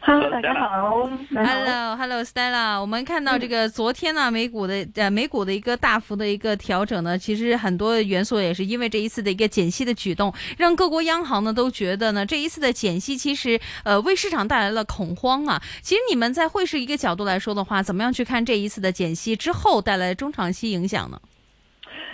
Hello，大家好，Hello，Hello，Stella，我們看到這個昨天呢、啊、美股的，誒、呃、美股的一個大幅的一個調整呢，其實很多元素也是因為這一次的一個減息的舉動，讓各國央行呢都覺得呢這一次的減息其實，誒、呃、為市場帶來了恐慌啊。其實你們在匯市一個角度來說的話，怎麼樣去看這一次的減息之後帶來中長期影響呢？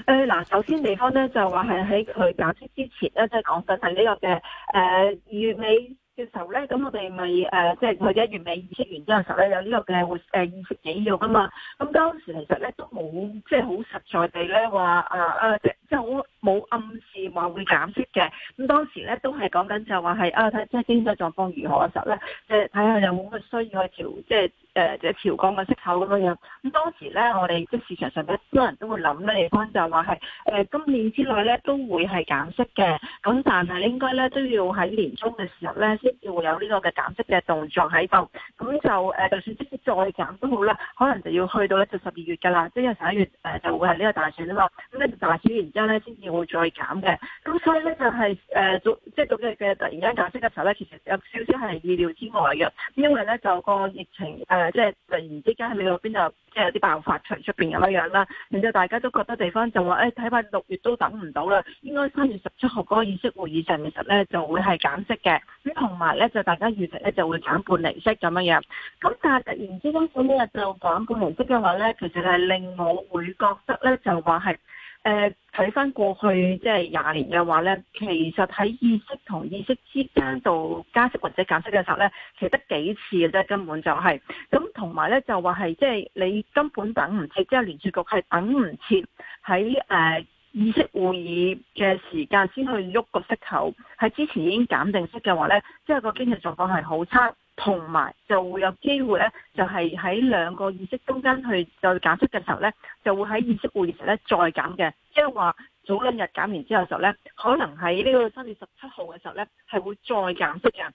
誒嗱、呃，首先地方呢就話係喺佢減息之前咧，即係講緊係呢個嘅誒、呃、月尾。嘅時候咧，咁我哋咪誒，即係去咗月尾議息完之後咧，有呢個嘅活誒意識紀要㗎嘛，咁當時其實咧都冇即係好實在地咧話啊啊，即係好。呃冇暗示話會減息嘅，咁當時咧都係講緊就話、是、係啊，睇即係經濟狀況如何嘅時候咧，即係睇下有冇乜需要去調，即係誒即係調降嘅息口咁樣。咁當時咧，我哋即市場上咧，多人都會諗咧，亦均就話係誒今年之內咧都會係減息嘅，咁但係應該咧都要喺年中嘅時候咧先至會有呢個嘅減息嘅動作喺度。咁就誒、呃，就算即使再減都好啦，可能就要去到咧就十二月㗎啦，即係十一月誒、呃、就會係呢個大選啊嘛。咁咧大選完之後咧先至，會再減嘅，咁所以咧就係、是、誒，即係嗰日嘅突然間減息嘅時候咧，其實有少少係意料之外嘅，因為咧就個疫情誒，即、呃、係、就是、突然之間喺你嗰邊就即係有啲爆發出出邊咁樣樣啦，然之後大家都覺得地方就話誒，睇怕六月都等唔到啦，應該三月十七號嗰個議息會議上面實咧就會係減息嘅，咁同埋咧就大家預期咧就會減半厘息咁樣樣，咁但係突然之間嗰日就減半厘息嘅話咧，其實係令我會覺得咧就話係。誒，睇返過去即係廿年嘅話咧，其實喺議息同議息之間度加息或者減息嘅時候咧，其實得幾次嘅啫，根本就係。咁，同埋咧就話係即係你根本等唔切，即係聯儲局係等唔切喺誒，呃議息會議嘅時間先去喐個息口，喺之前已經減定息嘅話呢，即係個經濟狀況係好差，同埋就會有機會呢，就係喺兩個議息中間去再減息嘅時候呢，就會喺議息會議時呢再減嘅，即係話早兩日減完之後嘅時候咧，可能喺呢個三月十七號嘅時候呢，係會再減息嘅。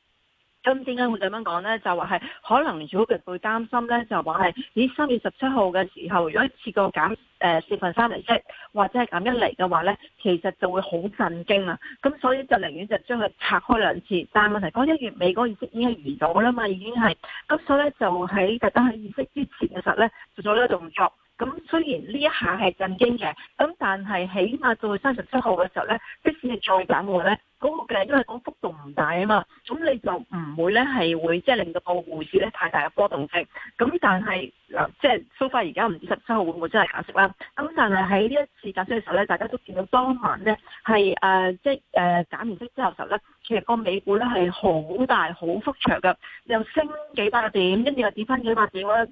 咁點解會咁樣講咧？就話係可能如果佢會擔心咧，就話係咦三月十七號嘅時候，如果一次過減誒四、呃、分三釐息或者係減一釐嘅話咧，其實就會好震驚啊！咁所以就寧願就將佢拆開兩次，但係問題講一月尾嗰議息已經移咗啦嘛，已經係咁，所以咧就喺特登喺議息之前嘅時候咧做咗呢個動作。咁、嗯、雖然呢一下係震驚嘅，咁但係起碼到三十七號嘅時候咧，即使係再減緩咧，嗰、那、嘅、個、因為嗰幅度唔大啊嘛，咁你就唔會咧係會即係、就是、令到個匯市咧太大嘅波動性。咁但係嗱、呃，即係 so far 而家唔知十七號會唔會真係減息啦？咁、嗯、但係喺呢一次減息嘅時候咧，大家都見到當晚咧係誒即係誒、呃、減完息之後嘅時候咧，其實個美股咧係好大好幅長嘅，又升幾百點，跟住又跌翻幾百點咧。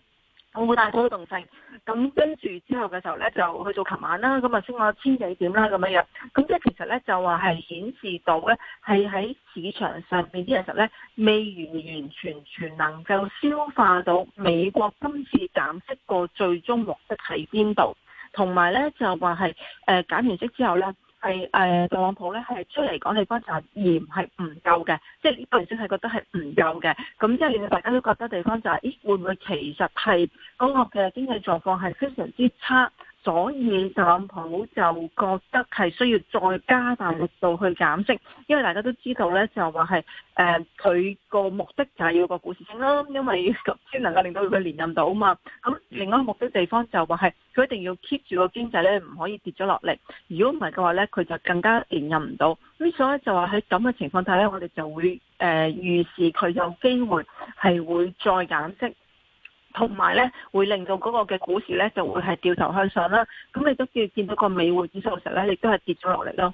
好大波動性，咁跟住之後嘅時候咧，就去到琴晚啦，咁啊升咗千幾點啦，咁樣樣，咁即係其實咧就話係顯示到咧，係喺市場上邊啲人實咧未完完全全能夠消化到美國今次減息個最終目的喺邊度，同埋咧就話係誒減完息之後咧。係誒、呃、特朗普咧，係出嚟講地方就而唔係唔夠嘅，即係呢個先係覺得係唔夠嘅。咁即令大家都覺得地方就係，是，咦，會唔會其實係嗰個經濟狀況係非常之差，所以特朗普就覺得係需要再加大力度去減息。因為大家都知道咧，就話係誒佢個目的就係要個股市升咯，因為咁先能夠令到佢連任到嘛。嗯另外一個目的地方就話係佢一定要 keep 住個經濟咧，唔可以跌咗落嚟，如果唔係嘅話咧，佢就更加連任唔到。咁所以就話喺咁嘅情況下咧，我哋就會誒預、呃、示佢有機會係會再減息，同埋咧會令到嗰個嘅股市咧就會係掉頭向上啦。咁你都要見到個美匯指數其實咧亦都係跌咗落嚟咯。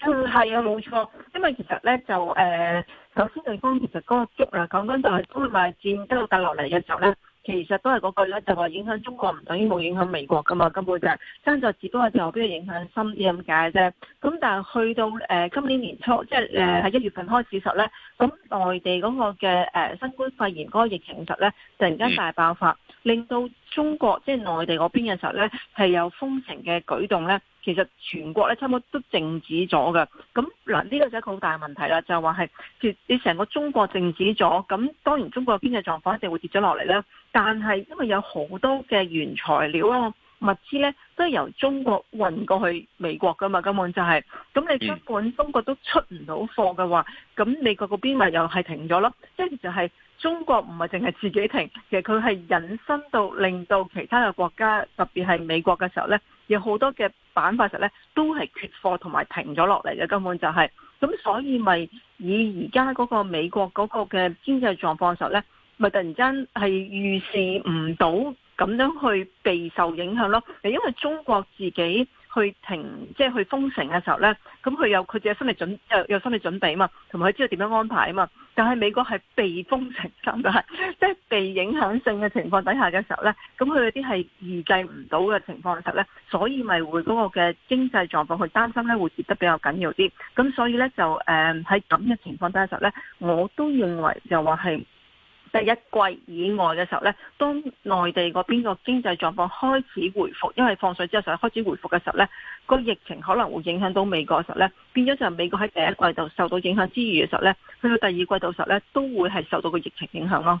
嗯，係啊，冇錯，因為其實咧就誒，首先對方其實嗰個足啦，講緊就係中美戰都跌落嚟嘅時候咧，其實都係嗰句咧，就話影響中國唔等於冇影響美國噶嘛，根本就係、是，真就只不過就變咗影響深啲咁解啫。咁、嗯、但係去到誒、呃、今年年初，即係誒喺一月份開始時候咧，咁、嗯、內地嗰個嘅誒、呃、新冠肺炎嗰個疫情實咧，突然間大爆發。令到中國即係內地嗰邊嘅時候呢，係有封城嘅舉動呢，其實全國呢，差唔多都靜止咗嘅。咁嗱，呢、這個就係一個好大嘅問題啦，就係話係你成個中國靜止咗，咁當然中國嗰邊嘅狀況一定會跌咗落嚟啦。但係因為有好多嘅原材料啊、物資呢，都係由中國運過去美國噶嘛，根本就係、是、咁。你根本中國都出唔到貨嘅話，咁美國嗰邊咪又係停咗咯？嗯、即係就係、是。中國唔係淨係自己停，其實佢係引申到令到其他嘅國家，特別係美國嘅時候呢，有好多嘅板塊實呢都係缺貨同埋停咗落嚟嘅，根本就係咁，所以咪以而家嗰個美國嗰個嘅經濟狀況嘅時候呢，咪突然間係預示唔到咁樣去備受影響咯，因為中國自己。去停，即係去封城嘅時候咧，咁佢有佢自己心理準有有心理準備啊嘛，同埋佢知道點樣安排啊嘛。但係美國係被封城咁就係，即係被影響性嘅情況底下嘅時候咧，咁佢有啲係預計唔到嘅情況嘅時候咧，所以咪會嗰個嘅經濟狀況去擔心咧，會跌得比較緊要啲。咁所以咧就誒喺咁嘅情況底下時候咧，我都認為就話係。第一季以外嘅時候呢，當內地嗰邊個經濟狀況開始回復，因為放水之後，就開始回復嘅時候呢，個疫情可能會影響到美國嘅時候呢，變咗就美國喺第一季度受到影響之餘嘅時候呢，去到第二季度時候呢，都會係受到個疫情影響咯。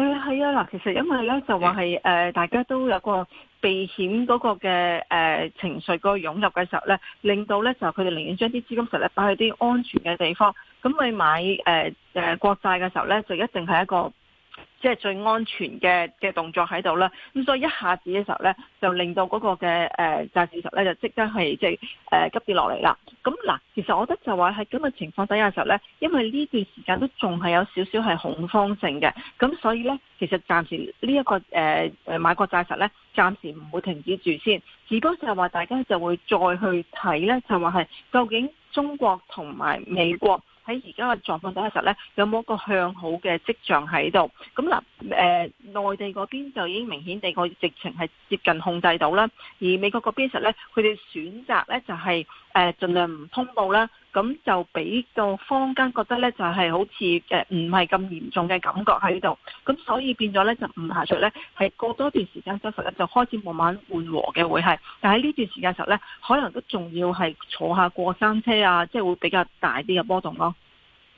誒係啊！嗱、嗯，其實因為咧就話係誒，大家都有個避險嗰個嘅誒、呃、情緒嗰個湧入嘅時候咧，令到咧就佢哋寧願將啲資金實力擺喺啲安全嘅地方。咁你買誒誒、呃、國債嘅時候咧，就一定係一個。即係最安全嘅嘅動作喺度啦，咁所以一下子嘅時候咧，就令到嗰個嘅誒、呃、債市實咧就即刻係即誒急跌落嚟啦。咁嗱，其實我覺得就話喺咁嘅情況底下嘅時候咧，因為呢段時間都仲係有少少係恐慌性嘅，咁所以咧，其實暫時呢、這、一個誒誒、呃、買國債實咧，暫時唔會停止住先，只不過就話大家就會再去睇咧，就話係究竟中國同埋美國。喺而家嘅狀況底下，實咧有冇一個向好嘅跡象喺度？咁 嗱。誒、呃、內地嗰邊就已經明顯地個疫情係接近控制到啦，而美國嗰邊實咧，佢哋選擇咧就係、是、誒、呃、盡量唔通報啦，咁就俾個坊間覺得咧就係、是、好似誒唔係咁嚴重嘅感覺喺度，咁所以變咗咧就唔排除咧係過多段時間之後咧就開始慢慢緩和嘅會係，但喺呢段時間時候咧可能都仲要係坐下過山車啊，即、就、係、是、會比較大啲嘅波動咯。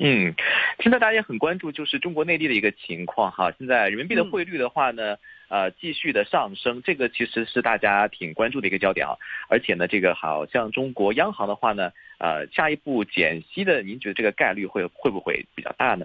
嗯，現在大家很關注，就是中國內地的一個情況哈。現在人民幣的匯率的話呢，呃，繼續的上升，這個其實是大家挺關注的一個焦點啊。而且呢，這個好像中國央行的話呢，呃，下一步減息的，您覺得這個概率會會不會比較大呢？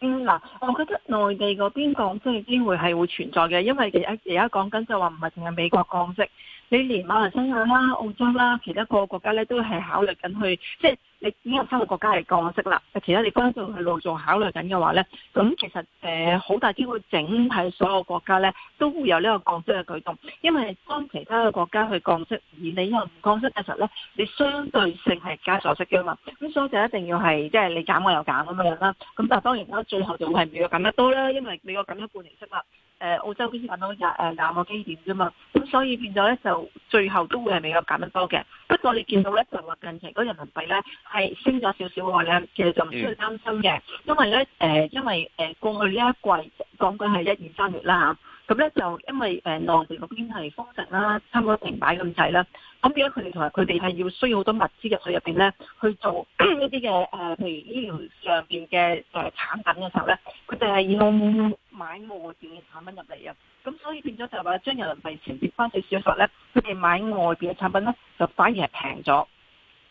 嗯，嗱，我覺得內地嗰邊降息機會係會存在嘅，因為而家而家講緊就話唔係淨係美國降息。你連馬來西亞啦、澳洲啦，其他各個國家咧都係考慮緊去，即係你已經有三個國家係降息啦，其他你關注去路做考慮緊嘅話咧，咁其實誒好、呃、大機會整體所有國家咧都會有呢個降息嘅舉動，因為當其他嘅國家去降息而你因又唔降息嘅時候咧，你相對性係加咗息嘅嘛，咁所以就一定要係即係你減我又減咁樣啦，咁但係當然啦，最後就會係美國減得多啦，因為美國減一半年息啦。誒、呃，澳洲先搵到廿誒廿個基點啫嘛，咁所以變咗咧就最後都會係比較減得多嘅。不過你見到咧就話近期嗰人民幣咧係升咗少少嘅咧，其實就唔需要擔心嘅，因為咧誒、呃、因為誒過去呢一季講緊係一、二、三月啦吓。咁咧就因為誒內、呃、地嗰邊係封城啦，差唔多停擺咁滯啦。咁變咗佢哋同埋佢哋係要需要好多物資入去入邊咧，去做一啲嘅誒，譬如醫療上邊嘅誒產品嘅時候咧，佢哋係要買外邊嘅產品入嚟啊。咁所以變咗就係話將人民幣轉變翻少少實咧，佢哋買外邊嘅產品咧就反而係平咗。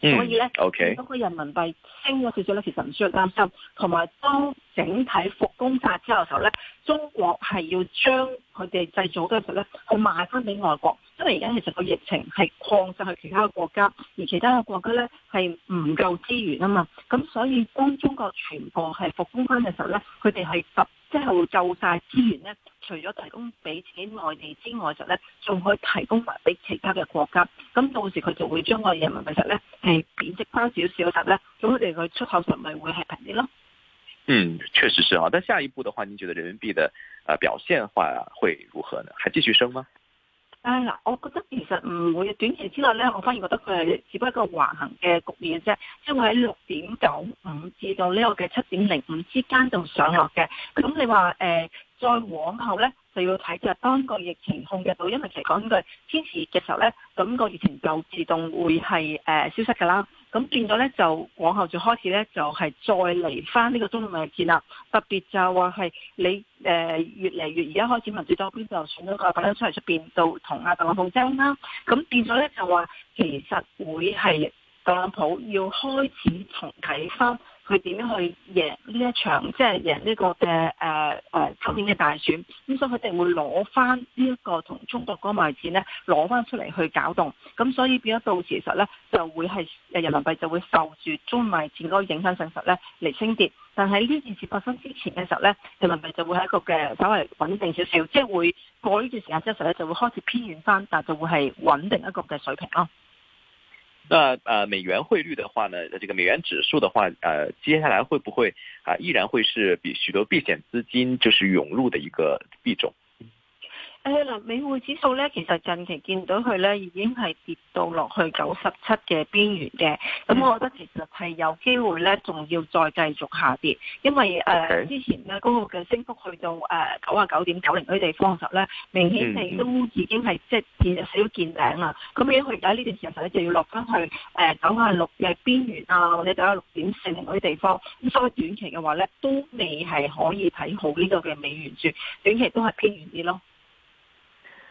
嗯、所以咧，咁個人民幣升咗少少咧，其實唔需要擔心。同埋，當整體復工晒之後嘅時候咧，中國係要將佢哋製造嘅時候咧，去賣翻俾外國。因為而家其實個疫情係擴散去其他嘅國家，而其他嘅國家咧係唔夠資源啊嘛。咁所以當中國全部係復工翻嘅時候咧，佢哋係集即係就晒資源咧。除咗提供俾自己內地之外，就咧仲可以提供埋俾其他嘅國家，咁到時佢就會將我哋人民幣實咧係貶值翻少少啦，咁佢哋嘅出口實咪會係平啲咯。嗯，確實是啊，但下一步的話，你覺得人民幣的啊表現話會如何呢？還繼續升嗎？誒、嗱、啊，我覺得其實唔會。短期之內呢，我反而覺得佢係只不過一個橫行嘅局面啫，即係我喺六點九五至到呢個嘅七點零五之間就上落嘅。咁、嗯、你話誒、呃，再往後呢，就要睇就當個疫情控制到，因為其實講呢句天時嘅時候呢，咁、那個疫情就自動會係誒、呃、消失噶啦。咁變咗咧，就往後就開始咧，就係、是、再嚟翻呢個中美貿易戰啦。特別就話係你誒、呃、越嚟越而家開始民主黨邊就選咗個特朗普出嚟出邊度同阿特朗普爭啦。咁變咗咧就話其實會係特朗普要開始重啟翻。佢點樣去贏呢一場，即係贏呢個嘅誒誒今年嘅大選，咁所以佢哋會攞翻呢一個同中國嗰個賣點呢，攞翻出嚟去搞動，咁所以變咗到時實呢就會係人民幣就會受住中美戰嗰個影響，證實呢嚟升跌。但喺呢件事發生之前嘅時候呢，人民幣就會喺一個嘅稍微穩定少少，即係會過呢段時間之後呢，就會開始偏遠翻，但就會係穩定一個嘅水平咯。那呃，美元匯率的話呢，這個美元指數的話，呃，接下來會不會啊，呃，依然會是比許多避險資金就是湧入的一個幣種？誒，嗱，美匯指數咧，其實近期見到佢咧，已經係跌到落去九十七嘅邊緣嘅。咁我覺得其實係有機會咧，仲要再繼續下跌，因為誒、呃、Okay. 之前咧嗰、那個嘅升幅去到誒九啊九點九零嗰啲地方時候咧，明顯地都已經係、mm hmm. 即係見少見頂啦。咁已經去到呢段時間咧，就要落翻去誒九啊六嘅邊緣啊，或者九啊六點四零嗰啲地方。咁所以短期嘅話咧，都未係可以睇好呢個嘅美元轉，短期都係偏軟啲咯。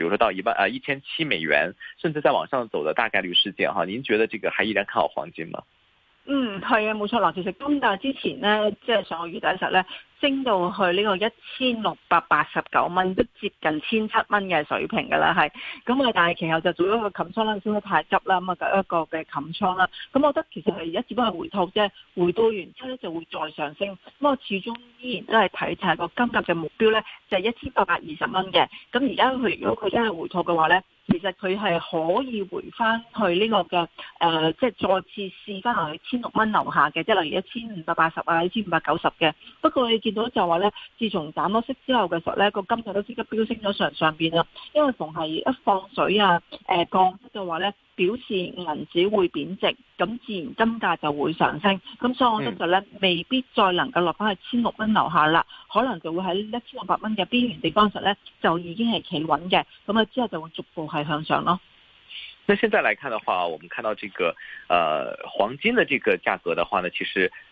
比如說到一萬啊一千七美元，甚至再往上走的大概率事件哈，您覺得這個還依然看好黃金嗎？嗯，係啊，冇錯啦，其實咁但係，之前呢，即係上個月底嘅時候呢。升到去呢個一千六百八十九蚊，都接近千七蚊嘅水平噶啦，係咁啊！但係其後就做咗個冚倉啦，升得太急啦，咁啊就一個嘅冚倉啦。咁我覺得其實佢而家只不過係回吐啫，回吐完之後咧就會再上升。咁我始終依然都係睇曬個金價嘅目標咧，就係一千八百二十蚊嘅。咁而家佢如果佢真係回吐嘅話咧，其實佢係可以回翻去呢個嘅誒，即、呃、係、就是、再次試翻落去千六蚊樓下嘅，即、就、係、是、例如一千五百八十啊，一千五百九十嘅。不過見到就話咧，自從減咗息之後嘅時候咧，個金價都即刻飆升咗上上邊啦。因為逢係一放水啊，誒降息嘅話咧，表示銀紙會貶值，咁自然金價就會上升。咁所以我覺得咧，未必再能夠落翻去千六蚊樓下啦，可能就會喺一千六百蚊嘅邊緣地方實咧就已經係企穩嘅。咁啊之後就會逐步係向上咯。那現在來看的話，我們看到這個，誒、呃、黃金的這個價格的話呢，其實。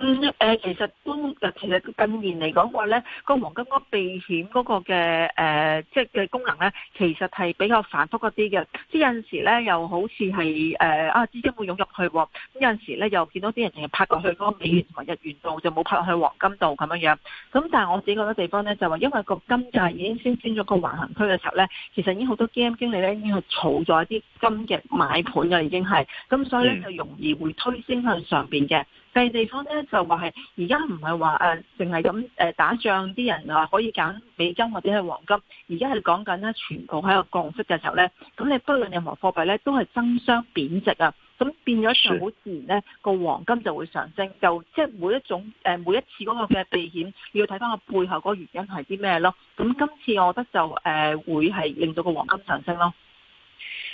嗯，誒、呃，其實都，其實近年嚟講嘅話咧，個黃金嗰避險嗰個嘅，誒、呃，即係嘅功能咧，其實係比較繁複一啲嘅。即有陣時咧，又好似係，誒、呃，啊，資金會湧入去，咁、嗯、有陣時咧，又見到啲人成日拍落去嗰美元同埋日元度，就冇拍落去黃金度咁樣樣。咁、嗯、但係我自己覺得地方咧，就話、是、因為個金價已經升穿咗個橫行區嘅時候咧，其實已經好多基金經理咧已經係儲咗一啲金嘅買盤噶，已經係，咁所以咧就容易會推升向上邊嘅。細地方咧就話係而家唔係話誒淨係咁誒打仗啲人話、呃、可以揀美金或者係黃金，而家係講緊咧，全球喺度降息嘅時候咧，咁你不論任何貨幣咧都係爭相貶值啊，咁變咗上好自然咧個黃金就會上升，就即係每一種誒、呃、每一次嗰個嘅避險，要睇翻個背後嗰個原因係啲咩咯，咁今次我覺得就誒、呃、會係令到個黃金上升咯。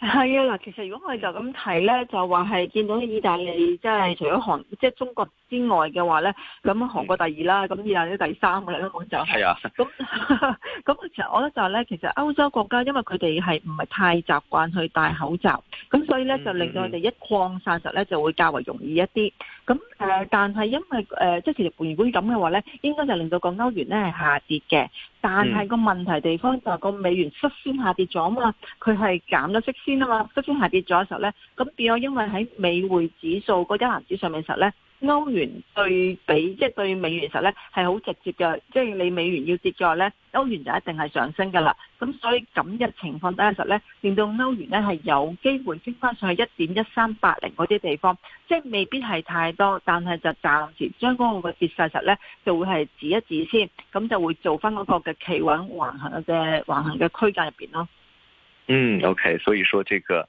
係啊，嗱，其實如果我哋就咁睇咧，就話係見到意大利，即、就、係、是、除咗韓，即、就、係、是、中國之外嘅話咧，咁韓國第二啦，咁意、嗯、大利第三嘅啦，咁就係啊。咁咁，其實我覺得就係咧，其實歐洲國家因為佢哋係唔係太習慣去戴口罩，咁所以咧就令到佢哋一擴散實咧就會較為容易一啲。咁誒、呃，但係因為誒，即、呃、係其實原本咁嘅話咧，應該就令到個歐元咧係下跌嘅。但係個問題地方就係個美元率先下跌咗啊嘛，佢係減咗息先啊嘛，率先下跌咗嘅時候咧，咁變咗因為喺美匯指數嗰一籃子上面時候咧。歐元對比，即係對美元實咧係好直接嘅，即係你美元要跌咗咧，歐元就一定係上升噶啦。咁所以咁嘅情況底下實咧，令到歐元咧係有機會升翻上去一點一三八零嗰啲地方，即係未必係太多，但係就暫時將嗰個跌勢實咧，就會係指一指先，咁就會做翻嗰個嘅企穩橫行嘅橫行嘅區間入邊咯。嗯，OK，所以說這個。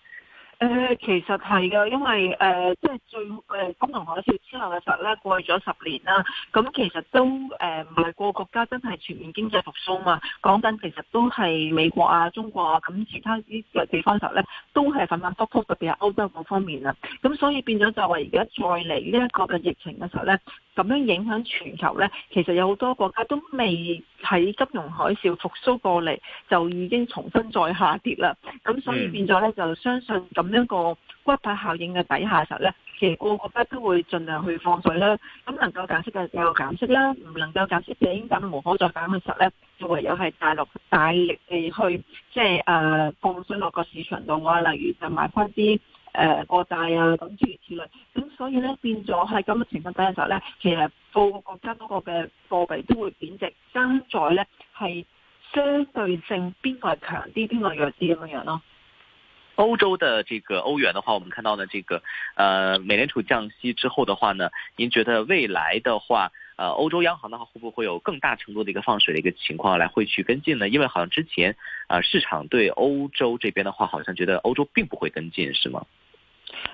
誒、呃，其實係噶，因為誒，即、呃、係最誒，金融海嘯之後嘅時候咧，過去咗十年啦，咁其實都誒，唔係個國家真係全面經濟復甦嘛。講緊，其實都係美國啊、中國啊，咁其他啲地方嘅時候咧，都係反反覆覆，特別係歐洲嗰方面啊。咁所以變咗就係而家再嚟呢一個嘅疫情嘅時候咧。咁樣影響全球咧，其實有好多國家都未喺金融海嘯復甦過嚟，就已經重新再下跌啦。咁、嗯、所以變咗咧，就相信咁樣個骨牌效應嘅底下時候咧，其實個個得都會盡量去放水啦。咁、嗯、能夠減息嘅就減息啦，唔能夠減息嘅已經冇可再減嘅時候咧，就唯有係大陸大力地去即係、啊、誒放水落個市場度。啊，例如就買翻啲。誒，過大、呃、啊，咁諸如此類，咁所以呢，變咗喺咁嘅情況底下咧，其實各個國家嗰個嘅貨幣都會貶值，爭在呢，係相對性邊個係強啲，邊個弱啲咁樣樣咯。歐洲的這個歐元的話，我們看到呢，這個，誒、呃，美聯儲降息之後的話呢，您覺得未來的話，誒、呃，歐洲央行的話會不會有更大程度的一個放水嘅一個情況來會去跟進呢？因為好像之前啊、呃，市場對歐洲這邊的話，好像覺得歐洲並不會跟進，是嗎？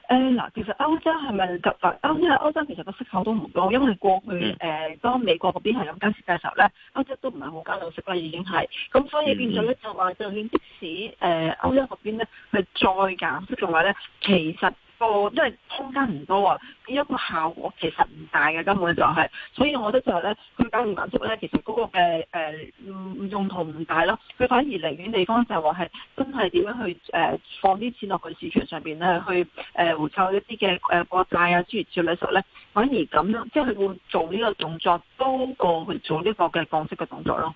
誒，嗱、呃，其實歐洲係咪就話歐洲？歐洲其實個息口都唔高，因為過去誒、嗯呃，當美國嗰邊係咁加息嘅時候咧，歐洲都唔係好加到息啦，已經係，咁所以變咗咧、嗯、就話，就算即使誒，歐洲嗰邊咧係再減息嘅話咧，其實。個因為空間唔多啊，呢一個效果其實唔大嘅，根本就係、是，所以我覺得就係、是、咧，佢減唔減息咧，其實嗰個嘅誒、呃、用途唔大咯。佢反而寧願地方就係話係真係點樣去誒、呃、放啲錢落去市場上邊咧，去誒、呃、回購一啲嘅誒國債啊，諸如此類咧，反而咁樣，即、就、係、是、會做呢個動作多過去做呢個嘅降息嘅動作咯。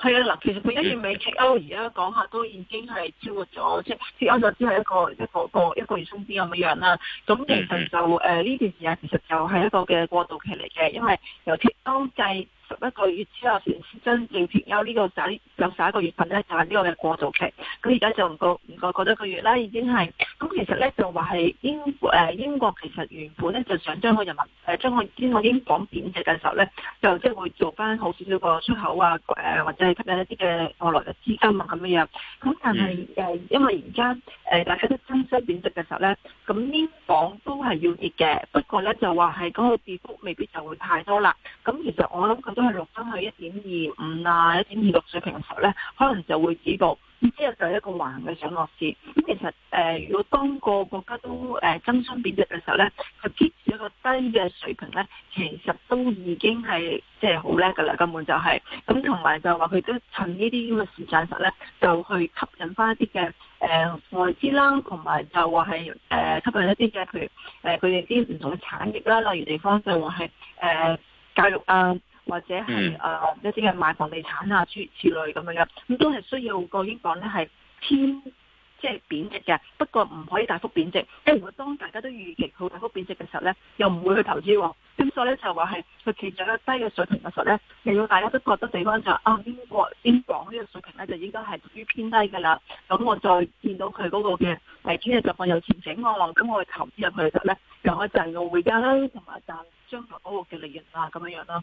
係啊，嗱，其實佢一月尾脫歐而家講下都已經係超過咗，即係脫歐就只係一個一個個一個月終點咁樣樣啦。咁其實就誒呢段時間其實就係一個嘅過渡期嚟嘅，因為由脫歐計十一個月之後先真正脫歐呢個仔有十一個月份咧，就係呢個嘅過渡期。咁而家就唔過過咗多個月啦，已經係。嗯咁其實咧就話係英誒英國其實原本咧就想將個人民誒將我呢個英鎊貶值嘅時候咧，就即係會做翻好少少個出口啊誒，或者係吸引一啲嘅外來嘅資金啊咁樣樣。咁但係誒，嗯、因為而家誒大家都爭相貶值嘅時候咧，咁英鎊都係要跌嘅。不過咧就話係嗰個跌幅未必就會太多啦。咁其實我諗佢都係落翻去一點二五啊、一點二六水平嘅時候咧，可能就會止步。之後就係一個橫嘅上落市。咁其實誒、呃，如果當個國家都誒爭相貶值嘅時候咧，佢 keep 住一個低嘅水平咧，其實都已經係即係好叻噶啦，根本就係、是。咁同埋就話佢都趁這這呢啲咁嘅時間實咧，就去吸引翻一啲嘅誒外資啦，同埋就話係誒吸引一啲嘅譬如誒佢哋啲唔同嘅產業啦，例如地方就話係誒教育啊。或者係誒、嗯啊、一啲嘅買房地產啊諸如此類咁樣樣，咁都係需要個英鎊咧係偏即係貶值嘅，不過唔可以大幅貶值。咁如果當大家都預期佢大幅貶值嘅時候咧，又唔會去投資。咁所以咧就話係佢企喺個低嘅水平嗰時咧，如果大家都覺得地方就是、啊英國英鎊呢個水平咧就應該係屬於偏低噶啦，咁我再見到佢嗰個嘅明天嘅狀況有前景啊，咁我投資入去嘅時候咧，等一陣我家金同埋賺將來嗰個嘅利潤啊咁樣樣咯。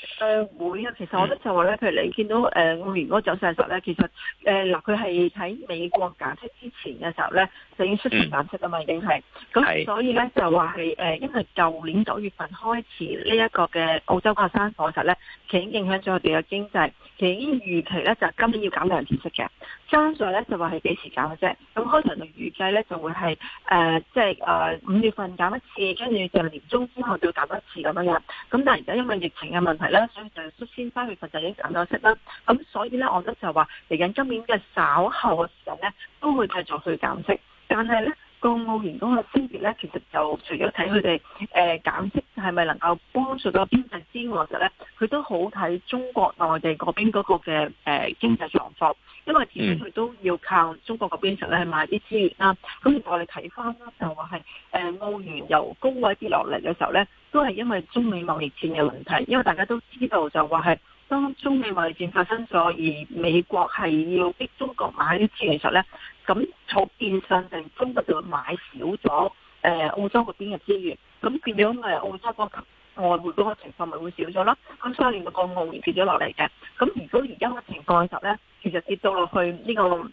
誒、呃、會啊，其實我覺得就話咧，譬如你見到誒澳元嗰個走勢嘅咧，其實誒嗱佢係喺美國減息之前嘅時候咧，就已經出嚟減息啊嘛，已經係咁，所以咧就話係誒因為舊年九月份開始呢一、這個嘅澳洲發生山火咧，已經影響咗我哋嘅經濟，其實已經預期呢預期咧就今、是、年要減兩次息嘅，爭在咧就話係幾時減嘅啫，咁開頭就預計咧就會係誒即係誒五月份減一次，跟住就年中之後要減一次咁樣樣，咁但係而家因為疫情嘅問題。咧，所以就率先翻，去實就已經減咗息啦。咁所以咧，我覺得就話嚟緊今年嘅稍後嘅時候咧，都會繼續去減息。但係咧，個澳元嗰個升跌咧，其實就除咗睇佢哋誒減息係咪能夠幫助到經濟之外嘅咧，佢都好睇中國內地嗰邊嗰個嘅誒經濟狀況，因為其實佢都要靠中國嗰邊實去買啲資源啦。咁我哋睇翻咧就話係誒澳元由高位跌落嚟嘅時候咧。 都係因為中美貿易戰嘅問題，因為大家都知道就話係當中美貿易戰發生咗，而美國係要逼中國買啲資源時咧，咁從變相定中國就買少咗誒、呃、澳洲嗰邊嘅資源，咁變咗咪澳洲個外匯嗰個情況咪會少咗咯，咁所以咪個澳元跌咗落嚟嘅。咁如果而家嘅情況嘅時候咧，其實跌到落去呢、這個。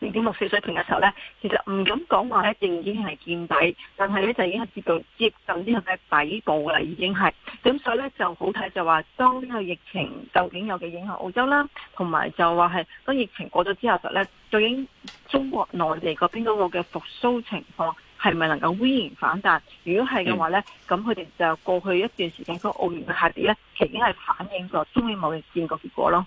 零點六四水平嘅時候咧，其實唔敢講話咧，已經係見底，但係咧就已經係接到接近呢啲嘅底部啦，已經係。咁所以咧就好睇就話，當呢個疫情究竟有幾影響澳洲啦，同埋就話係當疫情過咗之後呢，就咧究竟中國內地嗰邊嗰個嘅復甦情況係咪能夠微然反彈？如果係嘅話咧，咁佢哋就過去一段時間個澳元嘅下跌咧，其實已經係反映咗中美貿易戰個結果咯。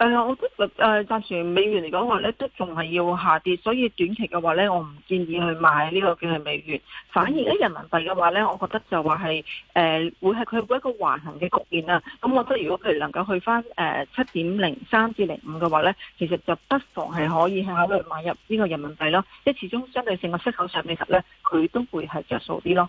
誒、哎，我覺得誒、呃、暫時美元嚟講話咧，都仲係要下跌，所以短期嘅話咧，我唔建議去買呢個叫係美元。反而咧，人民幣嘅話咧，我覺得就話係誒會係佢一個橫行嘅局面啦。咁我覺得如果佢能夠去返誒七點零三至零五嘅話咧，其實就不妨係可以考慮買入呢個人民幣咯。即係始終相對性嘅息口上嚟講咧，佢都會係着數啲咯。